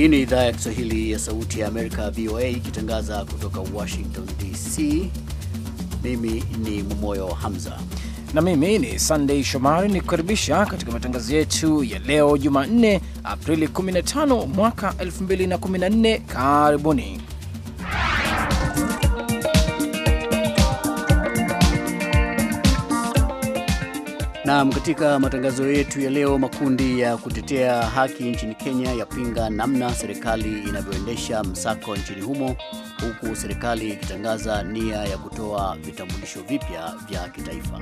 Hii ni idhaa ya Kiswahili ya Sauti ya Amerika, VOA, ikitangaza kutoka Washington DC. Mimi ni Mumoyo Hamza na mimi ni sandei Shomari, ni kukaribisha katika matangazo yetu ya leo Jumanne, Aprili 15 mwaka 2014. Karibuni. Naam, katika matangazo yetu ya leo, makundi ya kutetea haki nchini Kenya yapinga namna serikali inavyoendesha msako nchini humo, huku serikali ikitangaza nia ya kutoa vitambulisho vipya vya kitaifa.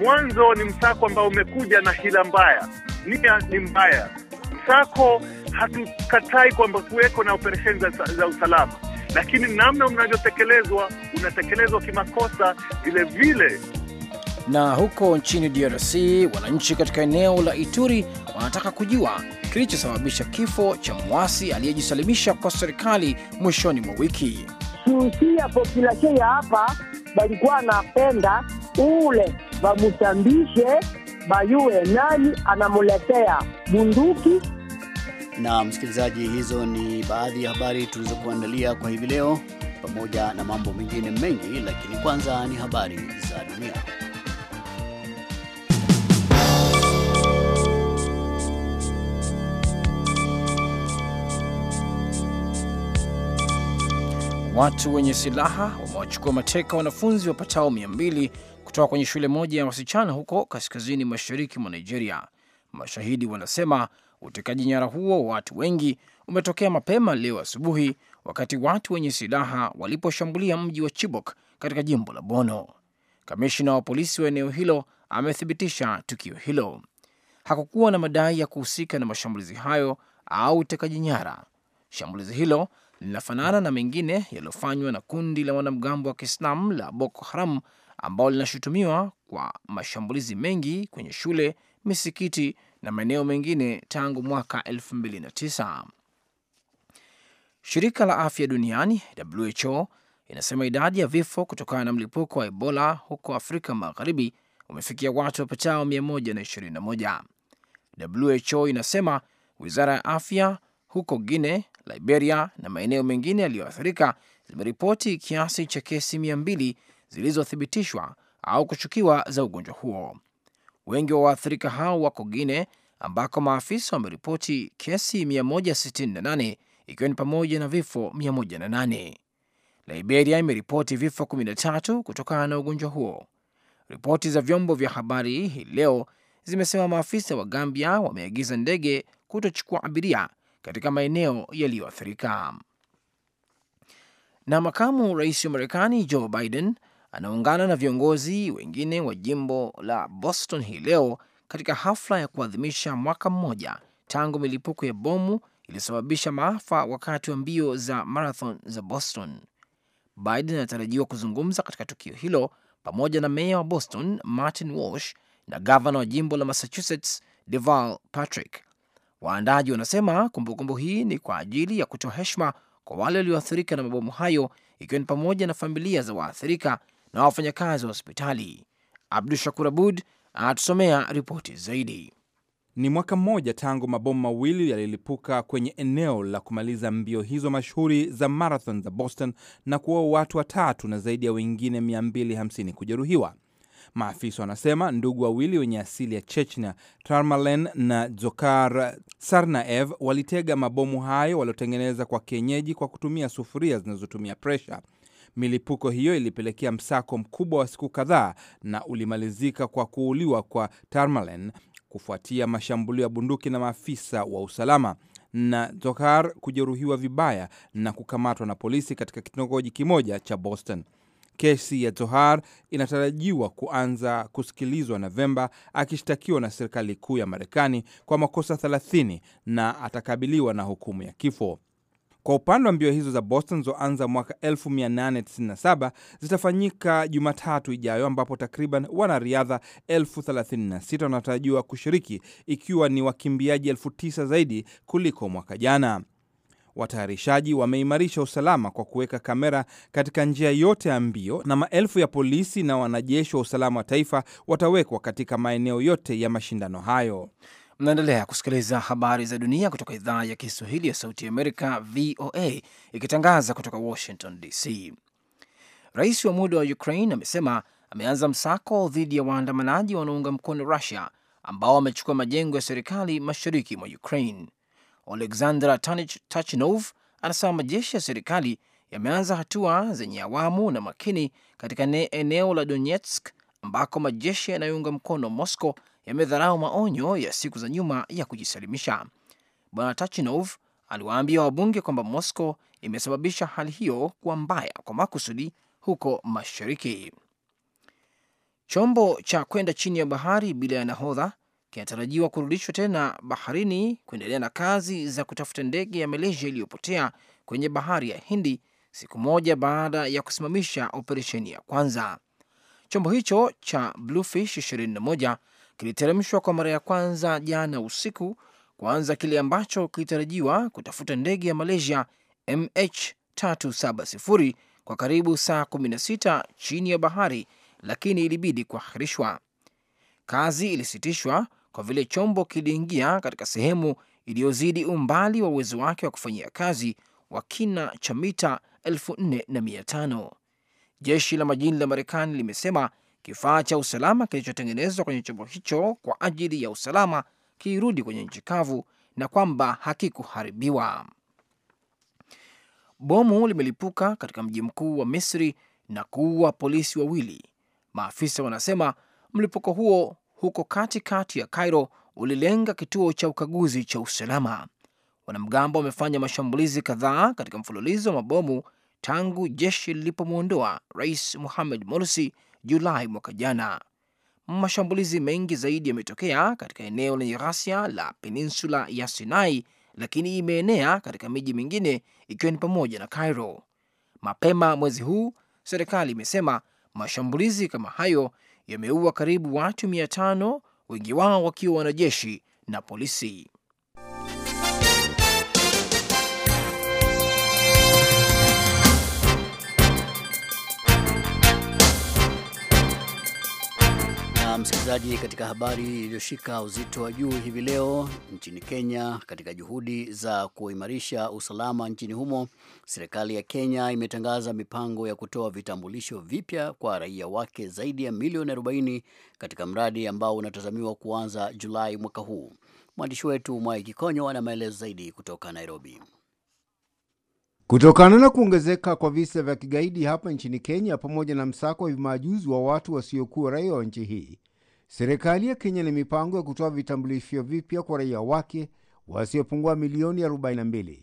Mwanzo ni msako ambao umekuja na hila mbaya, nia ni mbaya. Msako hatukatai kwamba kuweko na operesheni za, za usalama, lakini namna unavyotekelezwa unatekelezwa kimakosa vilevile. Na huko nchini DRC, wananchi katika eneo la Ituri wanataka kujua kilichosababisha kifo cha mwasi aliyejisalimisha kwa serikali mwishoni mwa wiki. Susia populasio ya hapa balikuwa anapenda ule bamutambishe, bayuwe nani anamuletea bunduki. Na msikilizaji, hizo ni baadhi ya habari tulizokuandalia kwa hivi leo, pamoja na mambo mengine mengi, lakini kwanza ni habari za dunia. Watu wenye silaha wamewachukua mateka wanafunzi wapatao mia mbili kutoka kwenye shule moja ya wasichana huko kaskazini mashariki mwa Nigeria. Mashahidi wanasema utekaji nyara huo wa watu wengi umetokea mapema leo asubuhi, wakati watu wenye silaha waliposhambulia mji wa Chibok katika jimbo la Bono. Kamishna wa polisi wa eneo hilo amethibitisha tukio hilo. Hakukuwa na madai ya kuhusika na mashambulizi hayo au utekaji nyara. Shambulizi hilo linafanana na mengine yaliyofanywa na kundi la wanamgambo wa kiislam la Boko Haram ambao linashutumiwa kwa mashambulizi mengi kwenye shule, misikiti na maeneo mengine tangu mwaka 2009. Shirika la Afya Duniani WHO inasema idadi ya vifo kutokana na mlipuko wa Ebola huko Afrika Magharibi umefikia watu wapatao 121. WHO inasema wizara ya afya huko Guine Liberia na maeneo mengine yaliyoathirika zimeripoti kiasi cha kesi mia mbili zilizothibitishwa au kushukiwa za ugonjwa huo. Wengi wa waathirika hao wako Guine ambako maafisa wameripoti kesi 168 ikiwa ni pamoja na vifo 108. Liberia imeripoti vifo 13 kutokana na ugonjwa huo. Ripoti za vyombo vya habari hii leo zimesema maafisa wa Gambia wameagiza ndege kutochukua abiria katika maeneo yaliyoathirika. Na makamu rais wa Marekani Joe Biden anaungana na viongozi wengine wa jimbo la Boston hii leo katika hafla ya kuadhimisha mwaka mmoja tangu milipuko ya bomu iliyosababisha maafa wakati wa mbio za marathon za Boston. Biden anatarajiwa kuzungumza katika tukio hilo pamoja na meya wa Boston Martin Walsh na gavana wa jimbo la Massachusetts Deval Patrick Waandaji wanasema kumbukumbu hii ni kwa ajili ya kutoa heshima kwa wale walioathirika na mabomu hayo, ikiwa ni pamoja na familia za waathirika na wafanyakazi wa hospitali. Abdu Shakur Abud anatusomea ripoti zaidi. Ni mwaka mmoja tangu mabomu mawili yalilipuka kwenye eneo la kumaliza mbio hizo mashuhuri za marathon za Boston na kuua watu watatu na zaidi ya wengine 250 kujeruhiwa. Maafisa wanasema ndugu wawili wenye asili ya Chechnya, Tarmalen na Zokar Sarnaev, walitega mabomu hayo waliotengeneza kwa kienyeji kwa kutumia sufuria zinazotumia presha. Milipuko hiyo ilipelekea msako mkubwa wa siku kadhaa na ulimalizika kwa kuuliwa kwa Tarmalen kufuatia mashambulio ya bunduki na maafisa wa usalama na Zokar kujeruhiwa vibaya na kukamatwa na polisi katika kitongoji kimoja cha Boston. Kesi ya tohar inatarajiwa kuanza kusikilizwa Novemba, akishtakiwa na serikali kuu ya Marekani kwa makosa 30 na atakabiliwa na hukumu ya kifo. Kwa upande wa mbio hizo za Boston zoanza mwaka 1897 zitafanyika Jumatatu ijayo ambapo takriban wanariadha 36 wanatarajiwa kushiriki ikiwa ni wakimbiaji 9000 zaidi kuliko mwaka jana. Watayarishaji wameimarisha usalama kwa kuweka kamera katika njia yote ya mbio na maelfu ya polisi na wanajeshi wa usalama wa taifa watawekwa katika maeneo yote ya mashindano hayo. Mnaendelea kusikiliza habari za dunia kutoka idhaa ya Kiswahili ya Sauti Amerika, VOA, ikitangaza kutoka Washington DC. Rais wa muda wa Ukraine amesema ameanza msako dhidi ya waandamanaji wanaounga mkono Rusia ambao wamechukua majengo ya serikali mashariki mwa Ukraine. Oleksandra Tachinov anasema majeshi ya serikali yameanza hatua zenye awamu na makini katika eneo la Donetsk ambako majeshi yanayounga mkono Moscow yamedharau maonyo ya siku za nyuma ya kujisalimisha. Bwana Tachinov aliwaambia wabunge kwamba Moscow imesababisha hali hiyo kuwa mbaya kwa makusudi huko mashariki. Chombo cha kwenda chini ya bahari bila ya nahodha kinatarajiwa kurudishwa tena baharini kuendelea na kazi za kutafuta ndege ya Malaysia iliyopotea kwenye bahari ya Hindi siku moja baada ya kusimamisha operesheni ya kwanza. Chombo hicho cha Bluefish 21 kiliteremshwa kwa mara ya kwanza jana usiku kuanza kile ambacho kilitarajiwa kutafuta ndege ya Malaysia MH370 kwa karibu saa 16 chini ya bahari, lakini ilibidi kuahirishwa. Kazi ilisitishwa kwa vile chombo kiliingia katika sehemu iliyozidi umbali wa uwezo wake wa kufanyia kazi wa kina cha mita 4500. Jeshi la majini la Marekani limesema kifaa cha usalama kilichotengenezwa kwenye chombo hicho kwa ajili ya usalama kirudi kwenye nchi kavu na kwamba hakikuharibiwa. Bomu limelipuka katika mji mkuu wa Misri na kuua polisi wawili. Maafisa wanasema mlipuko huo huko katikati ya Cairo ulilenga kituo cha ukaguzi cha usalama. Wanamgambo wamefanya mashambulizi kadhaa katika mfululizo wa mabomu tangu jeshi lilipomwondoa Rais Mohamed Morsi Julai mwaka jana. Mashambulizi mengi zaidi yametokea katika eneo lenye ghasia la peninsula ya Sinai, lakini imeenea katika miji mingine ikiwa ni pamoja na Cairo. Mapema mwezi huu serikali imesema mashambulizi kama hayo yameua karibu watu mia tano, wengi wao wakiwa wanajeshi na polisi. msikilizaji, katika habari iliyoshika uzito wa juu hivi leo nchini Kenya, katika juhudi za kuimarisha usalama nchini humo, serikali ya Kenya imetangaza mipango ya kutoa vitambulisho vipya kwa raia wake zaidi ya milioni 40 katika mradi ambao unatazamiwa kuanza Julai mwaka huu. Mwandishi wetu Mwai Kikonyo ana maelezo zaidi kutoka Nairobi. Kutokana na kuongezeka kwa visa vya kigaidi hapa nchini Kenya pamoja na msako wa hivi majuzi wa watu wasiokuwa raia wa nchi hii, Serikali ya Kenya ni mipango ya kutoa vitambulisho vipya kwa raia wake wasiopungua milioni 42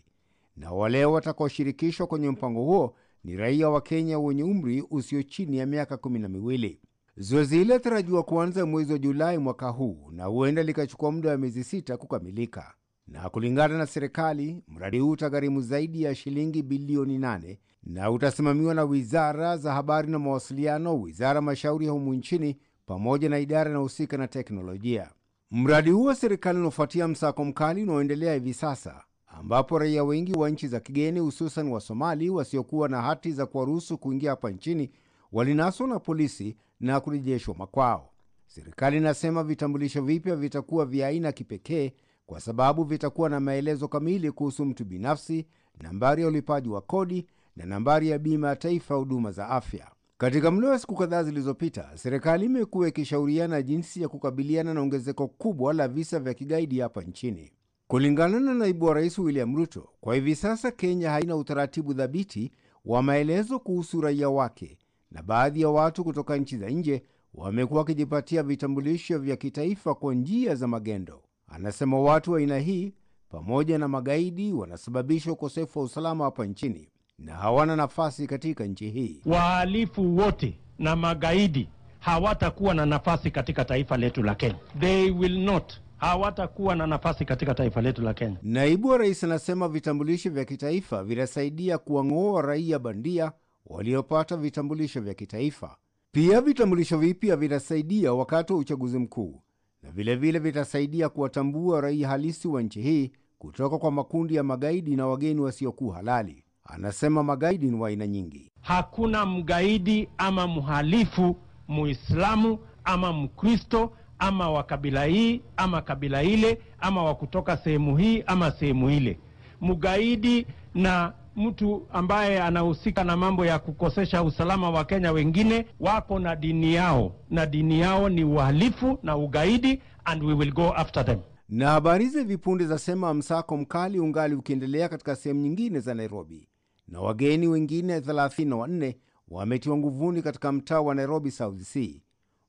na wale watakaoshirikishwa kwenye mpango huo ni raia wa Kenya wenye umri usio chini ya miaka kumi na miwili. Zoezi hili latarajiwa kuanza mwezi wa Julai mwaka huu na huenda likachukua muda wa miezi sita kukamilika, na kulingana na serikali, mradi huu utagharimu zaidi ya shilingi bilioni nane na utasimamiwa na wizara za habari na mawasiliano, wizara mashauri ya humu nchini pamoja na idara inayohusika na teknolojia. Mradi huo serikali unafuatia msako mkali unaoendelea hivi sasa, ambapo raia wengi wa nchi za kigeni hususan wa somali wasiokuwa na hati za kuwaruhusu kuingia hapa nchini walinaswa na polisi na kurejeshwa makwao. Serikali inasema vitambulisho vipya vitakuwa vya aina kipekee kwa sababu vitakuwa na maelezo kamili kuhusu mtu binafsi, nambari ya ulipaji wa kodi na nambari ya bima ya taifa ya huduma za afya. Katika mlo wa siku kadhaa zilizopita, serikali imekuwa ikishauriana jinsi ya kukabiliana na ongezeko kubwa la visa vya kigaidi hapa nchini. Kulingana na naibu wa rais William Ruto, kwa hivi sasa Kenya haina utaratibu dhabiti wa maelezo kuhusu raia wake, na baadhi ya watu kutoka nchi za nje wamekuwa wakijipatia vitambulisho vya kitaifa kwa njia za magendo. Anasema watu wa aina hii pamoja na magaidi wanasababisha ukosefu wa usalama hapa nchini na hawana nafasi katika nchi hii. Wahalifu wote na magaidi hawatakuwa na nafasi katika taifa letu la Kenya. They will not hawatakuwa na nafasi katika taifa letu la Kenya. Naibu wa rais anasema vitambulisho vya kitaifa vitasaidia kuwang'oa raia bandia waliopata vitambulisho vya kitaifa. Pia vitambulisho vipya vitasaidia wakati wa uchaguzi mkuu, na vilevile vitasaidia kuwatambua raia halisi wa nchi hii kutoka kwa makundi ya magaidi na wageni wasiokuwa halali. Anasema magaidi ni wa aina nyingi. Hakuna mgaidi ama mhalifu Muislamu ama Mkristo ama wa kabila hii ama kabila ile ama wa kutoka sehemu hii ama sehemu ile. Mgaidi na mtu ambaye anahusika na mambo ya kukosesha usalama wa Kenya, wengine wako na dini yao, na dini yao ni uhalifu na ugaidi, and we will go after them. Na habari hizi vipunde zasema msako mkali ungali ukiendelea katika sehemu nyingine za Nairobi na wageni wengine 34 wametiwa nguvuni katika mtaa wa Nairobi South C.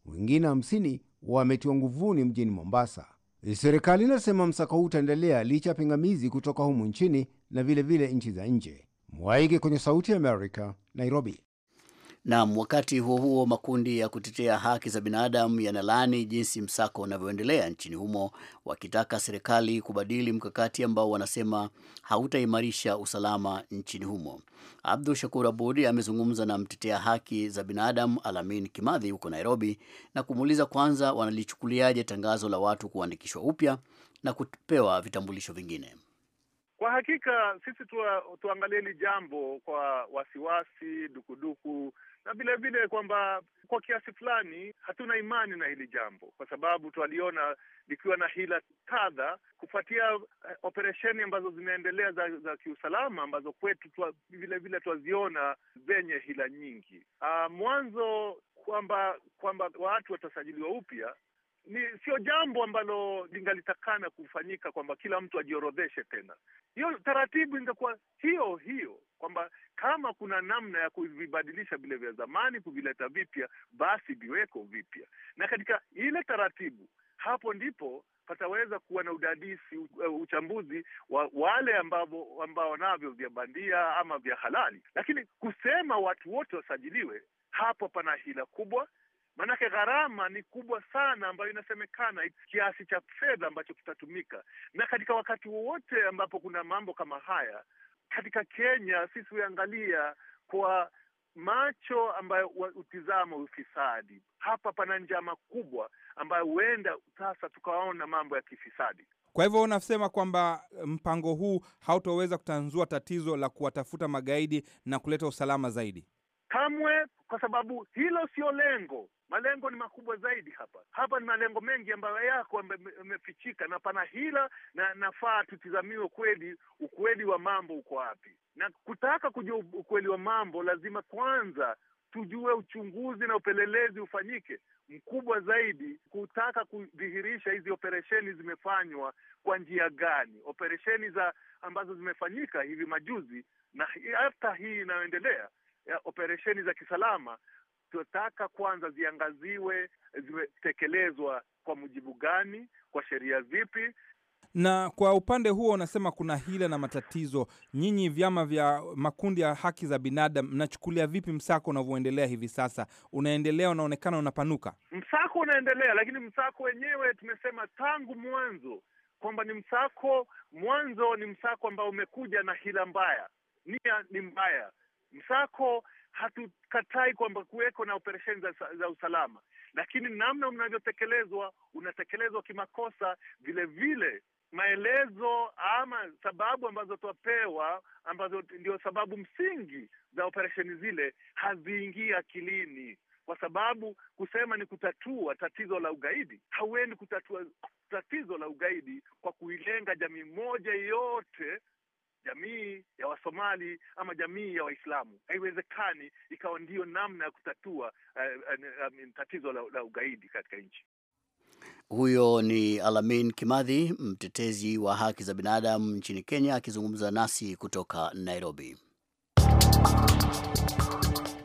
Wengine 50 wametiwa nguvuni mjini Mombasa. Serikali inasema msako huu utaendelea licha ya pingamizi kutoka humu nchini na vilevile nchi za nje. Mwaige kwenye Sauti ya Amerika, Nairobi. Naam, wakati huo huo, makundi ya kutetea haki za binadamu yanalaani jinsi msako unavyoendelea nchini humo, wakitaka serikali kubadili mkakati ambao wanasema hautaimarisha usalama nchini humo. Abdul Shakur Abud amezungumza na mtetea haki za binadamu Alamin kimadhi huko Nairobi na kumuuliza kwanza wanalichukuliaje tangazo la watu kuandikishwa upya na kupewa vitambulisho vingine. Kwa hakika sisi tuangalie hili jambo kwa wasiwasi, dukuduku na vile vile kwamba kwa kiasi fulani hatuna imani na hili jambo, kwa sababu twaliona likiwa na hila kadha kufuatia eh, operesheni ambazo zinaendelea za, za kiusalama ambazo kwetu twa, vile vile twaziona zenye hila nyingi. uh, mwanzo kwamba kwamba watu watasajiliwa upya ni sio jambo ambalo lingalitakana kufanyika kwamba kila mtu ajiorodheshe tena. Hiyo taratibu ingekuwa hiyo hiyo, kwamba kama kuna namna ya kuvibadilisha vile vya zamani kuvileta vipya, basi viweko vipya, na katika ile taratibu, hapo ndipo pataweza kuwa na udadisi, e, uchambuzi wa wale ambao ambao navyo vya bandia ama vya halali. Lakini kusema watu wote wasajiliwe, hapo pana hila kubwa Maanake gharama ni kubwa sana, ambayo inasemekana kiasi cha fedha ambacho kitatumika, na katika wakati wowote ambapo kuna mambo kama haya katika Kenya, sisi huangalia kwa macho ambayo utizama ufisadi. Hapa pana njama kubwa ambayo huenda sasa tukaona mambo ya kifisadi. Kwa hivyo unasema kwamba mpango huu hautoweza kutanzua tatizo la kuwatafuta magaidi na kuleta usalama zaidi? Kamwe, kwa sababu hilo sio lengo. Malengo ni makubwa zaidi hapa. Hapa ni malengo mengi ambayo yako yamefichika, na pana hila, na nafaa tutizamiwe kweli, ukweli wa mambo uko wapi. Na kutaka kujua ukweli wa mambo, lazima kwanza tujue uchunguzi na upelelezi ufanyike mkubwa zaidi, kutaka kudhihirisha hizi operesheni zimefanywa kwa njia gani, operesheni za ambazo zimefanyika hivi majuzi na hata hii inayoendelea, operesheni za kisalama tunataka kwanza ziangaziwe zimetekelezwa kwa mujibu gani, kwa sheria zipi. Na kwa upande huo unasema kuna hila na matatizo. Nyinyi vyama vya makundi ya haki za binadamu mnachukulia vipi msako unavyoendelea hivi sasa? Unaendelea, unaonekana unapanuka. Msako unaendelea, lakini msako wenyewe tumesema tangu mwanzo kwamba ni msako, mwanzo ni msako ambao umekuja na hila mbaya, nia ni mbaya. Msako hatukatai kwamba kuweko na operesheni za, za usalama, lakini namna unavyotekelezwa unatekelezwa kimakosa. Vile vile maelezo ama sababu ambazo twapewa ambazo ndio sababu msingi za operesheni zile haziingii akilini, kwa sababu kusema ni kutatua tatizo la ugaidi, hauendi kutatua tatizo la ugaidi kwa kuilenga jamii moja yote jamii ya Wasomali ama jamii ya Waislamu. Haiwezekani ikawa ndiyo namna ya kutatua uh, uh, uh, tatizo la, la ugaidi katika nchi. Huyo ni Alamin Kimathi, mtetezi wa haki za binadamu nchini Kenya, akizungumza nasi kutoka Nairobi.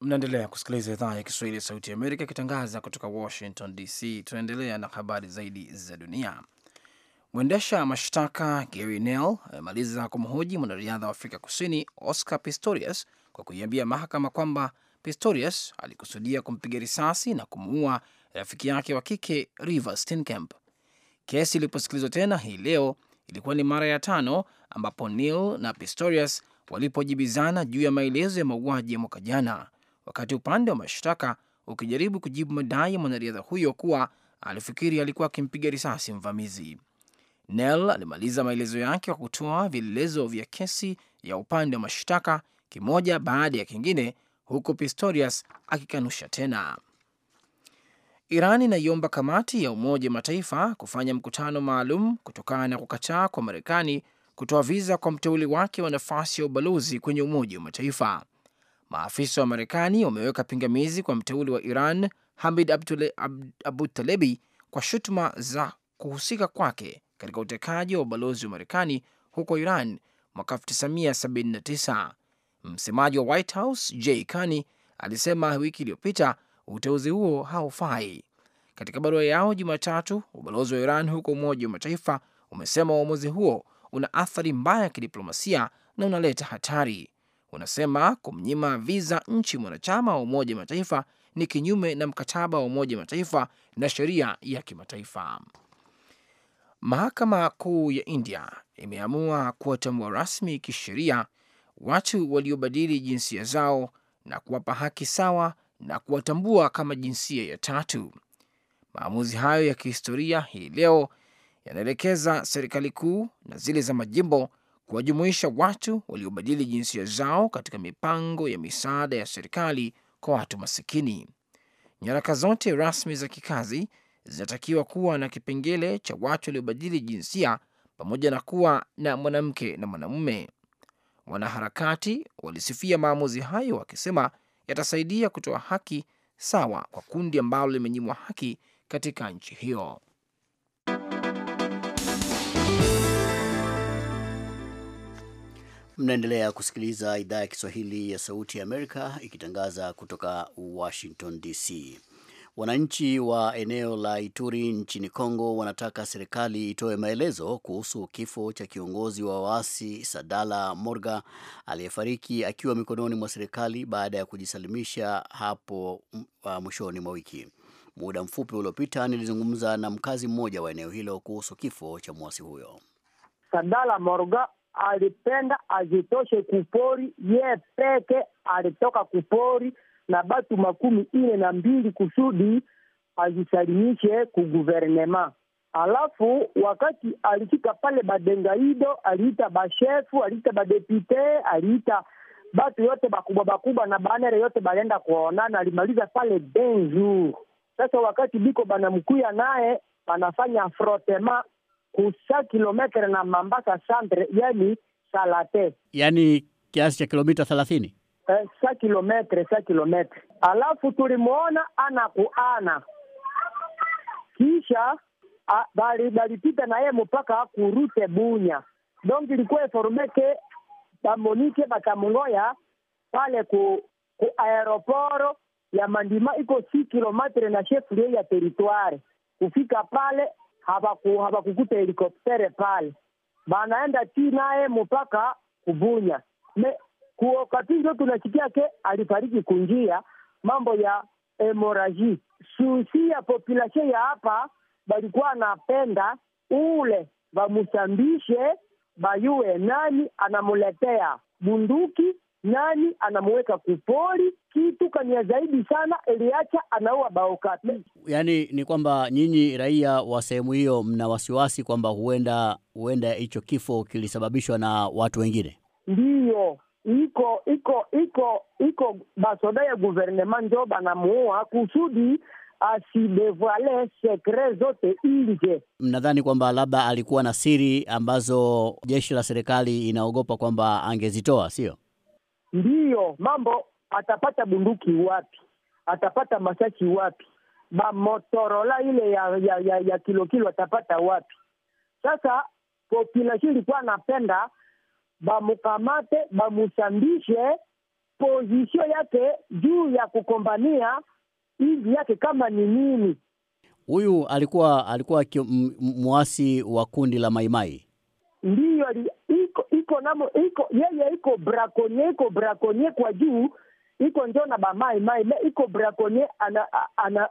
Mnaendelea kusikiliza idhaa ya Kiswahili ya Sauti ya Amerika ikitangaza kutoka Washington DC. Tunaendelea na habari zaidi za dunia. Mwendesha mashtaka Gary Nel amemaliza kumhoji mwanariadha wa Afrika Kusini Oscar Pistorius kwa kuiambia mahakama kwamba Pistorius alikusudia kumpiga risasi na kumuua rafiki yake wa kike Reeva Steenkamp. Kesi iliposikilizwa tena hii leo, ilikuwa ni mara ya tano ambapo Nel na Pistorius walipojibizana juu ya maelezo ya mauaji ya mwaka jana wakati upande wa mashtaka ukijaribu kujibu madai ya mwanariadha huyo kuwa alifikiri alikuwa akimpiga risasi mvamizi. Nel alimaliza maelezo yake kwa kutoa vielelezo vya kesi ya upande wa mashtaka kimoja baada ya kingine, huku Pistorius akikanusha tena. Iran inaiomba kamati ya Umoja Mataifa kufanya mkutano maalum kutokana na kukataa kwa Marekani kutoa viza kwa mteuli wake wa nafasi ya ubalozi kwenye Umoja wa Mataifa. Maafisa wa Marekani wameweka pingamizi kwa mteuli wa Iran Hamid Abutalebi kwa shutuma za kuhusika kwake katika utekaji wa ubalozi wa Marekani huko Iran mwaka 1979. Msemaji wa White House Jay Carney alisema wiki iliyopita uteuzi huo haufai. Katika barua yao Jumatatu, ubalozi wa Iran huko Umoja wa Mataifa umesema uamuzi huo una athari mbaya ya kidiplomasia na unaleta hatari unasema kumnyima viza nchi mwanachama wa Umoja wa Mataifa ni kinyume na mkataba wa Umoja wa Mataifa na sheria ya kimataifa. Mahakama Kuu ya India imeamua kuwatambua rasmi kisheria watu waliobadili jinsia zao na kuwapa haki sawa na kuwatambua kama jinsia ya tatu. Maamuzi hayo ya kihistoria hii leo yanaelekeza serikali kuu na zile za majimbo kuwajumuisha watu waliobadili jinsia zao katika mipango ya misaada ya serikali kwa watu masikini. Nyaraka zote rasmi za kikazi zinatakiwa kuwa na kipengele cha watu waliobadili jinsia pamoja na kuwa na mwanamke na mwanamume. Wanaharakati walisifia maamuzi hayo wakisema yatasaidia kutoa haki sawa kwa kundi ambalo limenyimwa haki katika nchi hiyo. Mnaendelea kusikiliza idhaa ya Kiswahili ya Sauti ya Amerika ikitangaza kutoka Washington DC. Wananchi wa eneo la Ituri nchini Kongo wanataka serikali itoe maelezo kuhusu kifo cha kiongozi wa waasi Sadala Morga aliyefariki akiwa mikononi mwa serikali baada ya kujisalimisha hapo mwishoni mwa wiki. Muda mfupi uliopita nilizungumza na mkazi mmoja wa eneo hilo kuhusu kifo cha mwasi huyo. Sadala Morga alipenda azitoshe kupori ye peke alitoka kupori na batu makumi ine na mbili kusudi azisalimishe kuguvernema. Alafu wakati alifika pale badengaido, aliita bashefu, aliita badepute aliita batu yote bakubwa bakubwa na banere yote balienda kuonana, alimaliza pale jour Sasa wakati biko banamkuya naye banafanya frotema kusa kilometre na Mambasa santre, yani salate, yani kiasi cha kilomita thelathini eh, sa kilometre sa kilometre. Alafu tulimwona ana kuana, kisha bali balipita na yeye mpaka kurute Bunya donc ilikuwa eformeke bamonike batamungoya pale ku, ku aeroporo ya Mandima iko si kilometre na shefurie ya teritware kufika pale hawakukuta helikoptere pale, banaenda ti naye mpaka kubunya kuokati, ndio tunasikia ke alifariki kunjia mambo ya hemoraji susi ya population ya hapa balikuwa anapenda ule bamusambishe bayue nani anamuletea bunduki nani anamweka kupoli kitu kania zaidi sana Eliacha anaua bao yani ni kwamba nyinyi raia wa sehemu hiyo mna wasiwasi kwamba huenda huenda hicho kifo kilisababishwa na watu wengine? Ndiyo, iko iko iko iko basoda ya guvernema njo banamuua kusudi asidevale sekre zote nje. Mnadhani kwamba labda alikuwa na siri ambazo jeshi la serikali inaogopa kwamba angezitoa, sio? ndiyo mambo. Atapata bunduki wapi? Atapata masachi wapi? Bamotorola ile ya ya, ya, ya kilo kilo atapata wapi? Sasa population ilikuwa anapenda bamukamate, bamusambishe pozisio yake juu ya kukombania hivi yake kama ni nini. Huyu alikuwa alikuwa mwasi wa kundi la Maimai, ndiyo iko iko namo iko yeye iko brakonye iko brakonye kwa juu iko njo na bamai mai iko brakonye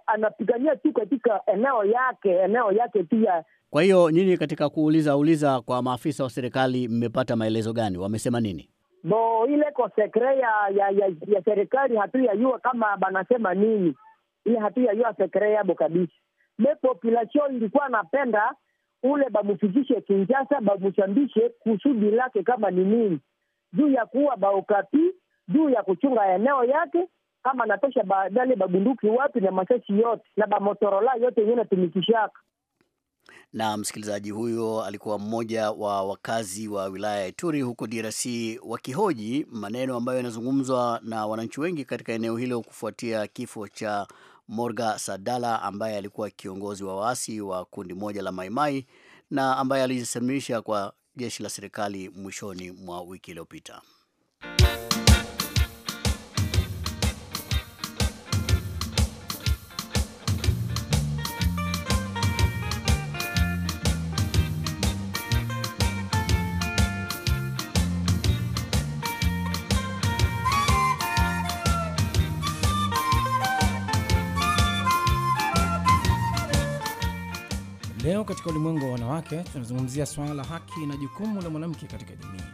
anapigania ana, ana tu katika eneo yake eneo yake tu kwa hiyo nyinyi katika kuuliza uliza kwa maafisa wa serikali mmepata maelezo gani? Wamesema nini? Bo ile ko sekre ya, ya, ya, ya serikali hatuyayua kama banasema nini, ile hatuyayua sekre yabo kabisa. me population ilikuwa napenda ule bamufikishe Kinshasa, bamushambishe kusudi lake kama ni nini, juu ya kuwa baukati, juu ya kuchunga eneo yake kama anatosha badale babunduki wapi na masasi yote na bamotorola yote yenyewe natumikishaka. Na msikilizaji huyo alikuwa mmoja wa wakazi wa wilaya ya Ituri huko DRC, wakihoji maneno ambayo yanazungumzwa na wananchi wengi katika eneo hilo kufuatia kifo cha Morga Sadala ambaye alikuwa kiongozi wa waasi wa kundi moja la Maimai na ambaye alijisalimisha kwa jeshi la serikali mwishoni mwa wiki iliyopita. Leo katika ulimwengu wa wanawake tunazungumzia swala la haki na jukumu la mwanamke katika jamii.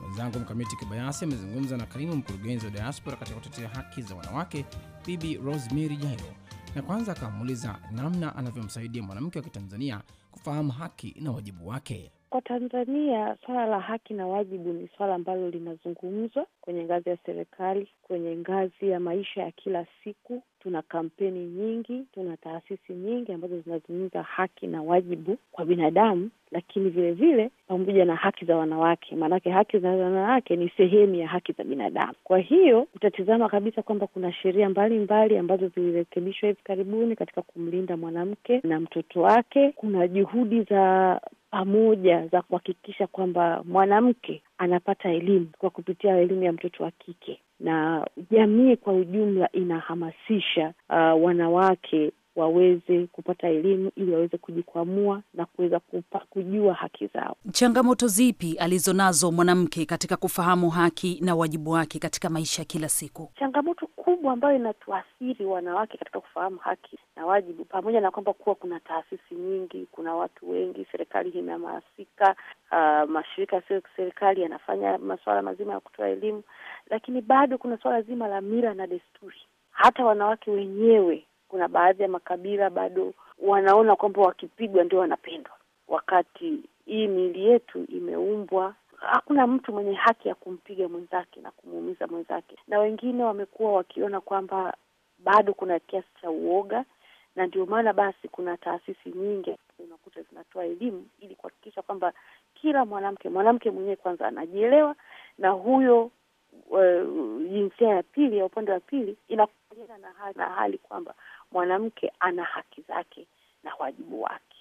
Mwenzangu Mkamiti Kibayasi amezungumza na kaimu mkurugenzi wa diaspora katika kutetea haki za wanawake, Bibi Rosemary Jairo, na kwanza akamuuliza namna anavyomsaidia mwanamke wa Kitanzania kufahamu haki na wajibu wake. Kwa Tanzania, swala la haki na wajibu ni swala ambalo linazungumzwa kwenye ngazi ya serikali, kwenye ngazi ya maisha ya kila siku. Tuna kampeni nyingi, tuna taasisi nyingi ambazo zinazungumza haki na wajibu kwa binadamu, lakini vilevile pamoja na haki za wanawake, maanake haki za wanawake ni sehemu ya haki za binadamu. Kwa hiyo utatizama kabisa kwamba kuna sheria mbalimbali ambazo zilirekebishwa hivi karibuni katika kumlinda mwanamke na mtoto wake. Kuna juhudi za pamoja za kuhakikisha kwamba mwanamke anapata elimu kwa kupitia elimu ya mtoto wa kike, na jamii kwa ujumla inahamasisha uh, wanawake waweze kupata elimu ili waweze kujikwamua na kuweza kujua haki zao. Changamoto zipi alizonazo mwanamke katika kufahamu haki na wajibu wake katika maisha ya kila siku? Changamoto kubwa ambayo inatuathiri wanawake katika kufahamu haki na wajibu, pamoja na kwamba kuwa kuna taasisi nyingi, kuna watu wengi, serikali imehamasika, uh, mashirika yasiyo serikali yanafanya masuala mazima ya kutoa elimu, lakini bado kuna suala zima la mila na desturi. Hata wanawake wenyewe, kuna baadhi ya makabila bado wanaona kwamba wakipigwa ndio wanapendwa, wakati hii miili yetu imeumbwa hakuna mtu mwenye haki ya kumpiga mwenzake na kumuumiza mwenzake, na wengine wamekuwa wakiona kwamba bado kuna kiasi cha uoga na ndio maana basi kuna taasisi nyingi unakuta zinatoa elimu ili kuhakikisha kwamba kila mwanamke mwanamke mwenyewe kwanza anajielewa na huyo eh, jinsia uh, ya pili ya upande wa pili inakubaliana na hali kwamba mwanamke ana haki zake na wajibu wake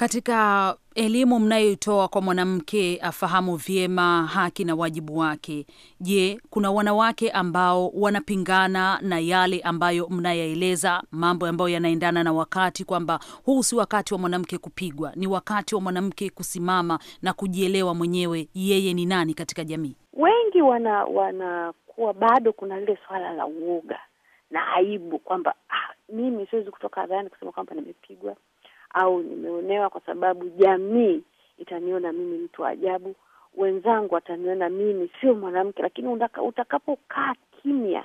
katika elimu mnayoitoa kwa mwanamke afahamu vyema haki na wajibu wake, je, kuna wanawake ambao wanapingana na yale ambayo mnayaeleza, mambo ambayo yanaendana na wakati, kwamba huu si wakati wa mwanamke kupigwa, ni wakati wa mwanamke kusimama na kujielewa mwenyewe yeye ni nani katika jamii? Wengi wana wanakuwa bado kuna lile swala la uoga na aibu kwamba ah, mimi siwezi kutoka hadharani kusema kwamba nimepigwa au nimeonewa kwa sababu jamii itaniona mimi mtu ajabu, wenzangu wataniona mimi sio mwanamke. Lakini utakapokaa kimya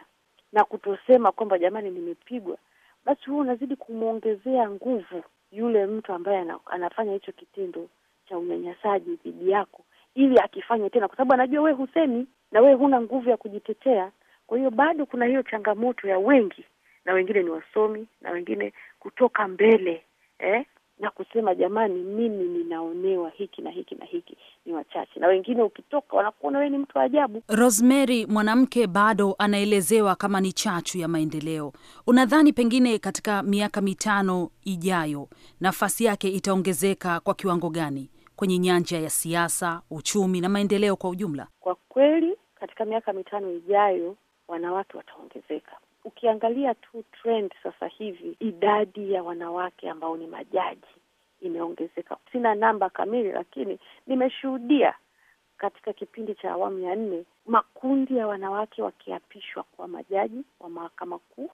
na kutosema kwamba jamani, nimepigwa, basi huo unazidi kumwongezea nguvu yule mtu ambaye anafanya hicho kitendo cha unyanyasaji dhidi yako, ili akifanye tena, kwa sababu anajua wee husemi na wee huna nguvu ya kujitetea. Kwa hiyo bado kuna hiyo changamoto ya wengi, na wengine ni wasomi na wengine kutoka mbele eh, na kusema jamani, mimi ninaonewa hiki na hiki na hiki, ni wachache, na wengine ukitoka wanakuona wewe ni mtu ajabu. Rosemary, mwanamke bado anaelezewa kama ni chachu ya maendeleo. Unadhani pengine katika miaka mitano ijayo nafasi yake itaongezeka kwa kiwango gani kwenye nyanja ya siasa, uchumi na maendeleo kwa ujumla? Kwa kweli, katika miaka mitano ijayo wanawake wataongezeka ukiangalia tu trend sasa hivi, idadi ya wanawake ambao ni majaji imeongezeka. Sina namba kamili, lakini nimeshuhudia katika kipindi cha awamu ya nne makundi ya wanawake wakiapishwa kwa majaji wa mahakama kuu,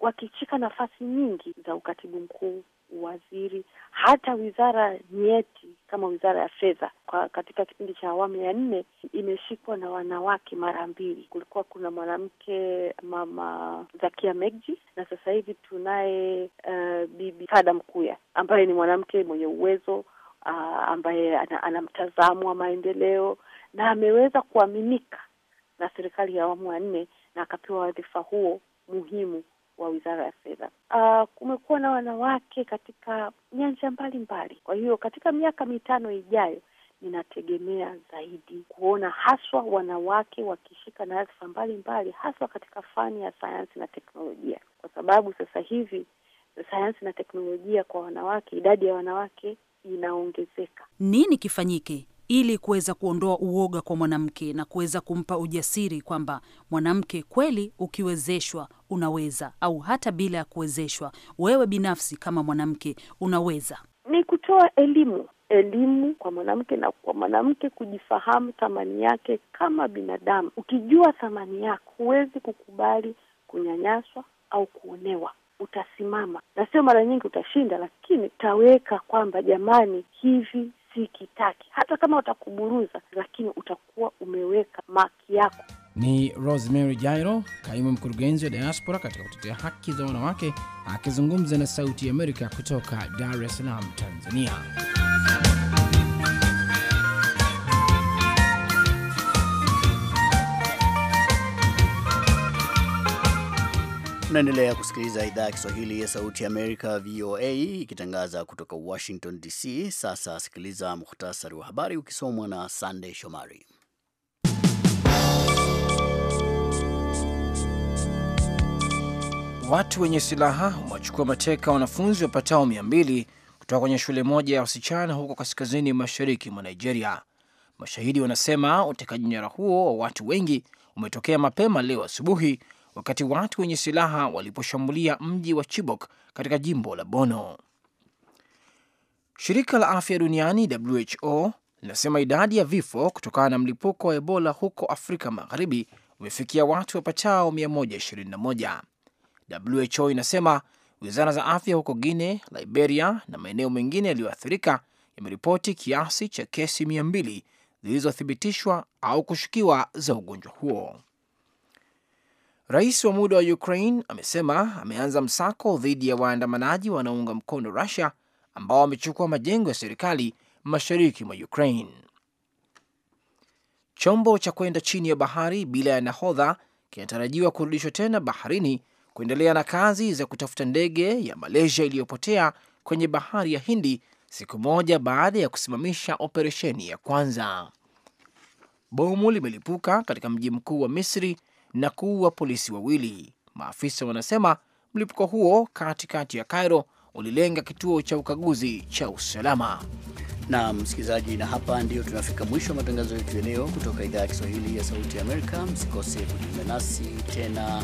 wakichika nafasi nyingi za ukatibu mkuu uwaziri, hata wizara nyeti kama wizara ya fedha kwa katika kipindi cha awamu ya nne imeshikwa na wanawake mara mbili. Kulikuwa kuna mwanamke Mama Zakia Megji na sasa hivi tunaye uh, Bibi Sada Mkuya ambaye ni mwanamke mwenye uwezo uh, ambaye ana, ana mtazamo wa maendeleo na ameweza kuaminika na serikali ya awamu ya nne na akapewa wadhifa huo muhimu wa wizara ya fedha. Uh, kumekuwa na wanawake katika nyanja mbalimbali. Kwa hiyo katika miaka mitano ijayo ninategemea zaidi kuona haswa wanawake wakishika nyadhifa mbalimbali, haswa katika fani ya sayansi na teknolojia, kwa sababu sasa hivi sayansi na teknolojia kwa wanawake, idadi ya wanawake inaongezeka. Nini kifanyike ili kuweza kuondoa uoga kwa mwanamke na kuweza kumpa ujasiri kwamba mwanamke kweli, ukiwezeshwa unaweza, au hata bila ya kuwezeshwa, wewe binafsi kama mwanamke unaweza. Ni kutoa elimu, elimu kwa mwanamke na kwa mwanamke kujifahamu thamani yake kama binadamu. Ukijua thamani yako, huwezi kukubali kunyanyaswa au kuonewa utasimama na sio mara nyingi utashinda, lakini utaweka kwamba jamani, hivi sikitaki. Hata kama utakuburuza, lakini utakuwa umeweka maki yako. Ni Rosemary Jairo, kaimu mkurugenzi wa diaspora katika kutetea haki za wanawake, akizungumza na Sauti ya Amerika kutoka Dar es Salaam, Tanzania. Unaendelea kusikiliza idhaa ya Kiswahili ya Sauti ya Amerika, VOA, ikitangaza kutoka Washington DC. Sasa sikiliza muhtasari wa habari ukisomwa na Sandey Shomari. Watu wenye silaha wamewachukua mateka wanafunzi wapatao mia mbili kutoka kwenye shule moja ya wasichana huko kaskazini mashariki mwa Nigeria. Mashahidi wanasema utekaji nyara huo wa watu wengi umetokea mapema leo asubuhi wakati watu wenye silaha waliposhambulia mji wa Chibok katika jimbo la Bono. Shirika la afya duniani WHO linasema idadi ya vifo kutokana na mlipuko wa Ebola huko Afrika Magharibi umefikia watu wapatao 121. WHO inasema wizara za afya huko guine Liberia na maeneo mengine yaliyoathirika imeripoti kiasi cha kesi 200 zilizothibitishwa au kushukiwa za ugonjwa huo. Rais wa muda wa Ukraine amesema ameanza msako dhidi ya waandamanaji wanaounga mkono Rusia ambao wamechukua majengo ya serikali mashariki mwa Ukraine. Chombo cha kwenda chini ya bahari bila ya nahodha kinatarajiwa kurudishwa tena baharini kuendelea na kazi za kutafuta ndege ya Malaysia iliyopotea kwenye bahari ya Hindi siku moja baada ya kusimamisha operesheni ya kwanza. Bomu limelipuka katika mji mkuu wa Misri na kuua polisi wawili. Maafisa wanasema mlipuko huo katikati ya Cairo ulilenga kituo cha ukaguzi cha usalama. Na msikilizaji, na hapa ndiyo tunafika mwisho wa matangazo yetu ya leo kutoka idhaa ya Kiswahili ya Sauti ya Amerika. Msikose kujiunga nasi tena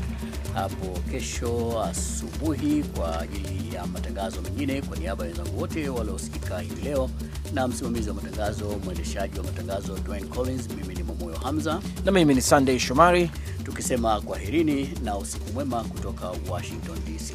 hapo kesho asubuhi kwa ajili ya matangazo mengine. Kwa niaba ya wenzangu wote waliosikika hii leo na msimamizi wa matangazo, mwendeshaji wa matangazo Dwayne Collins, mimi ni Mamoyo Hamza na mimi ni Sunday Shomari, tukisema kwaherini na usiku mwema kutoka Washington DC.